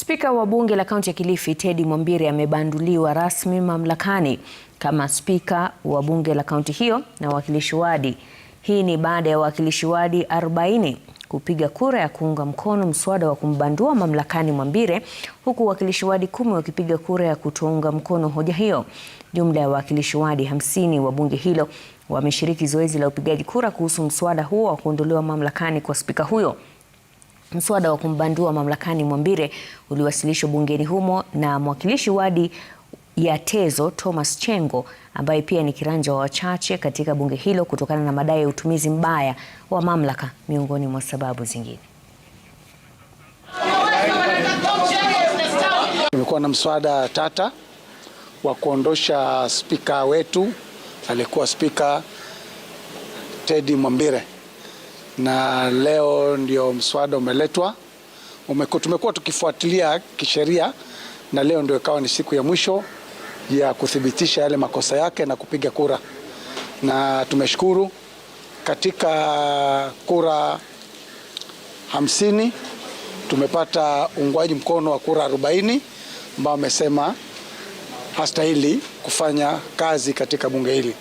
Spika wa bunge la kaunti ya Kilifi Teddy Mwambire amebanduliwa rasmi mamlakani kama spika wa bunge la kaunti hiyo na wawakilishi wadi. Hii ni baada ya wawakilishi wadi 40 kupiga kura ya kuunga mkono mswada wa kumbandua mamlakani Mwambire, huku wawakilishi wadi kumi wakipiga kura ya kutounga mkono hoja hiyo. Jumla ya wawakilishi wadi 50 wa bunge hilo wameshiriki zoezi la upigaji kura kuhusu mswada huo wa kuondolewa mamlakani kwa spika huyo. Mswada wa kumbandua mamlakani Mwambire uliwasilishwa bungeni humo na mwakilishi wadi ya Tezo Thomas Chengo ambaye pia ni kiranja wa wachache katika bunge hilo kutokana na madai ya utumizi mbaya wa mamlaka miongoni mwa sababu zingine. Tumekuwa na mswada tata wa kuondosha spika wetu aliyekuwa spika Teddy Mwambire na leo ndio mswada umeletwa. Tumekuwa tukifuatilia kisheria na leo ndio ikawa ni siku ya mwisho ya kuthibitisha yale makosa yake na kupiga kura, na tumeshukuru katika kura hamsini tumepata uungwaji mkono wa kura arobaini ambao wamesema hastahili kufanya kazi katika bunge hili.